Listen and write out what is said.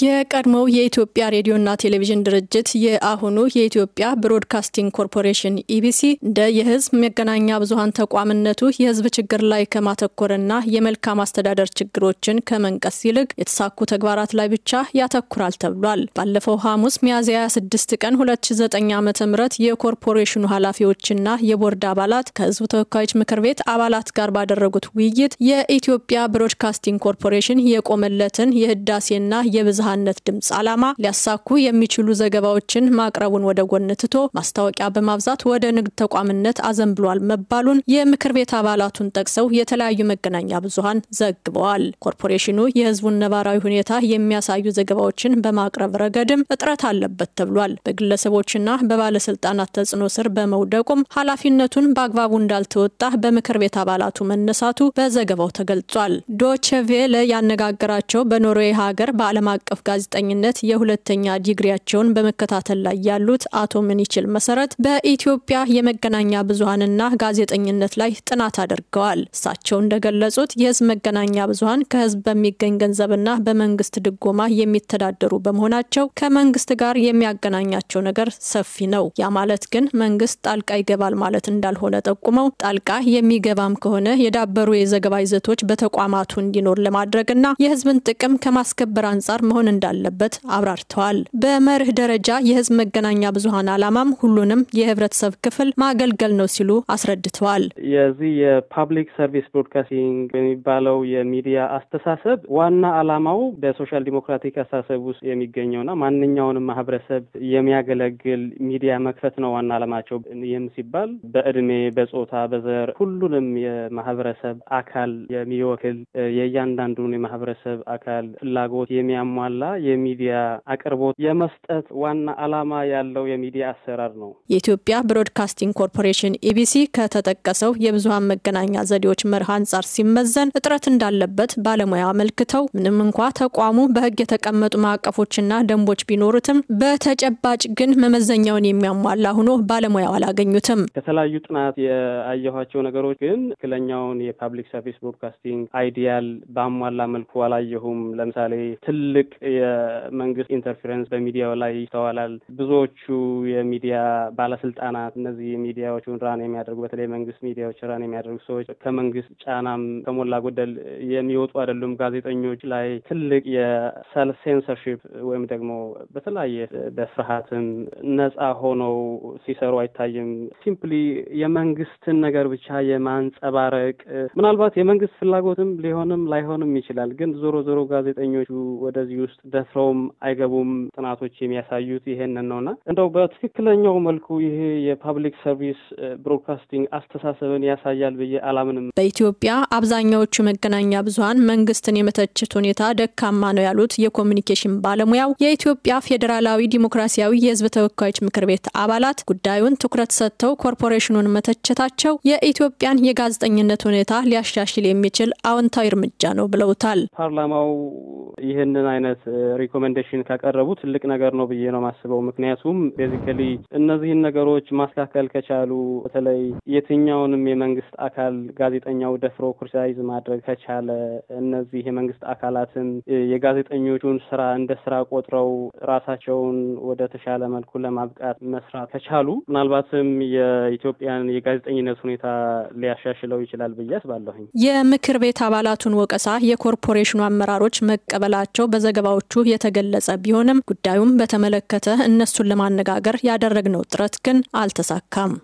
የቀድሞው የኢትዮጵያ ሬዲዮና ቴሌቪዥን ድርጅት የአሁኑ የኢትዮጵያ ብሮድካስቲንግ ኮርፖሬሽን ኢቢሲ እንደ የሕዝብ መገናኛ ብዙሀን ተቋምነቱ የሕዝብ ችግር ላይ ከማተኮርና የመልካም አስተዳደር ችግሮችን ከመንቀስ ይልቅ የተሳኩ ተግባራት ላይ ብቻ ያተኩራል ተብሏል። ባለፈው ሐሙስ ሚያዝያ 26 ቀን 2009 ዓ ም የኮርፖሬሽኑ ኃላፊዎችና የቦርድ አባላት ከሕዝብ ተወካዮች ምክር ቤት አባላት ጋር ባደረጉት ውይይት የኢትዮጵያ ብሮድካስቲንግ ኮርፖሬሽን የቆመለትን የህዳሴና የብዛ የብዝሃነት ድምፅ ዓላማ ሊያሳኩ የሚችሉ ዘገባዎችን ማቅረቡን ወደ ጎን ትቶ ማስታወቂያ በማብዛት ወደ ንግድ ተቋምነት አዘንብሏል መባሉን የምክር ቤት አባላቱን ጠቅሰው የተለያዩ መገናኛ ብዙሃን ዘግበዋል። ኮርፖሬሽኑ የሕዝቡን ነባራዊ ሁኔታ የሚያሳዩ ዘገባዎችን በማቅረብ ረገድም እጥረት አለበት ተብሏል። በግለሰቦችና በባለስልጣናት ተጽዕኖ ስር በመውደቁም ኃላፊነቱን በአግባቡ እንዳልተወጣ በምክር ቤት አባላቱ መነሳቱ በዘገባው ተገልጿል። ዶቼ ቬለ ያነጋገራቸው በኖርዌይ ሀገር በዓለም አቀፍ አቀፍ ጋዜጠኝነት የሁለተኛ ዲግሪያቸውን በመከታተል ላይ ያሉት አቶ ምንይችል መሰረት በኢትዮጵያ የመገናኛ ብዙሀንና ጋዜጠኝነት ላይ ጥናት አድርገዋል። እሳቸው እንደገለጹት የህዝብ መገናኛ ብዙሀን ከህዝብ በሚገኝ ገንዘብና በመንግስት ድጎማ የሚተዳደሩ በመሆናቸው ከመንግስት ጋር የሚያገናኛቸው ነገር ሰፊ ነው። ያ ማለት ግን መንግስት ጣልቃ ይገባል ማለት እንዳልሆነ ጠቁመው ጣልቃ የሚገባም ከሆነ የዳበሩ የዘገባ ይዘቶች በተቋማቱ እንዲኖር ለማድረግና የህዝብን ጥቅም ከማስከበር አንጻር መሆን መሆን እንዳለበት አብራርተዋል። በመርህ ደረጃ የህዝብ መገናኛ ብዙሀን ዓላማም ሁሉንም የህብረተሰብ ክፍል ማገልገል ነው ሲሉ አስረድተዋል። የዚህ የፓብሊክ ሰርቪስ ብሮድካስቲንግ የሚባለው የሚዲያ አስተሳሰብ ዋና አላማው በሶሻል ዲሞክራቲክ አስተሳሰብ ውስጥ የሚገኘውና ማንኛውንም ማህበረሰብ የሚያገለግል ሚዲያ መክፈት ነው ዋና አላማቸው። ይህም ሲባል በእድሜ፣ በጾታ፣ በዘር ሁሉንም የማህበረሰብ አካል የሚወክል የእያንዳንዱን የማህበረሰብ አካል ፍላጎት የሚያሟ የተሟላ የሚዲያ አቅርቦት የመስጠት ዋና ዓላማ ያለው የሚዲያ አሰራር ነው። የኢትዮጵያ ብሮድካስቲንግ ኮርፖሬሽን ኢቢሲ ከተጠቀሰው የብዙሀን መገናኛ ዘዴዎች መርህ አንጻር ሲመዘን እጥረት እንዳለበት ባለሙያ አመልክተው ምንም እንኳ ተቋሙ በህግ የተቀመጡ ማዕቀፎችና ደንቦች ቢኖሩትም በተጨባጭ ግን መመዘኛውን የሚያሟላ ሆኖ ባለሙያው አላገኙትም። ከተለያዩ ጥናት ያየኋቸው ነገሮች ግን ትክክለኛውን የፓብሊክ ሰርቪስ ብሮድካስቲንግ አይዲያል ባሟላ መልኩ አላየሁም። ለምሳሌ ትልቅ የመንግስት ኢንተርፌረንስ በሚዲያው ላይ ይስተዋላል። ብዙዎቹ የሚዲያ ባለስልጣናት እነዚህ ሚዲያዎቹን ራን የሚያደርጉ በተለይ መንግስት ሚዲያዎች ራን የሚያደርጉ ሰዎች ከመንግስት ጫናም ከሞላ ጎደል የሚወጡ አይደሉም። ጋዜጠኞች ላይ ትልቅ የሰልፍ ሴንሰርሺፕ ወይም ደግሞ በተለያየ በፍርሃትም ነጻ ሆነው ሲሰሩ አይታይም። ሲምፕሊ የመንግስትን ነገር ብቻ የማንጸባረቅ ምናልባት የመንግስት ፍላጎትም ሊሆንም ላይሆንም ይችላል። ግን ዞሮ ዞሮ ጋዜጠኞቹ ወደዚህ ውስጥ ደፍረውም አይገቡም። ጥናቶች የሚያሳዩት ይሄንን ነውና እንደው በትክክለኛው መልኩ ይህ የፐብሊክ ሰርቪስ ብሮድካስቲንግ አስተሳሰብን ያሳያል ብዬ አላምንም። በኢትዮጵያ አብዛኛዎቹ መገናኛ ብዙሀን መንግስትን የመተችት ሁኔታ ደካማ ነው ያሉት የኮሚኒኬሽን ባለሙያው የኢትዮጵያ ፌዴራላዊ ዲሞክራሲያዊ የህዝብ ተወካዮች ምክር ቤት አባላት ጉዳዩን ትኩረት ሰጥተው ኮርፖሬሽኑን መተቸታቸው የኢትዮጵያን የጋዜጠኝነት ሁኔታ ሊያሻሽል የሚችል አዎንታዊ እርምጃ ነው ብለውታል። ፓርላማው ይህንን አይነት ሪኮሜንዴሽን ካቀረቡ ትልቅ ነገር ነው ብዬ ነው ማስበው። ምክንያቱም ቤዚካሊ እነዚህን ነገሮች ማስተካከል ከቻሉ በተለይ የትኛውንም የመንግስት አካል ጋዜጠኛው ደፍሮ ክሪቲሳይዝ ማድረግ ከቻለ እነዚህ የመንግስት አካላትን የጋዜጠኞቹን ስራ እንደ ስራ ቆጥረው ራሳቸውን ወደ ተሻለ መልኩ ለማብቃት መስራት ከቻሉ ምናልባትም የኢትዮጵያን የጋዜጠኝነት ሁኔታ ሊያሻሽለው ይችላል ብዬ አስባለሁኝ። የምክር ቤት አባላቱን ወቀሳ የኮርፖሬሽኑ አመራሮች መቀበል መቀበላቸው በዘገባዎቹ የተገለጸ ቢሆንም ጉዳዩም በተመለከተ እነሱን ለማነጋገር ያደረግነው ጥረት ግን አልተሳካም።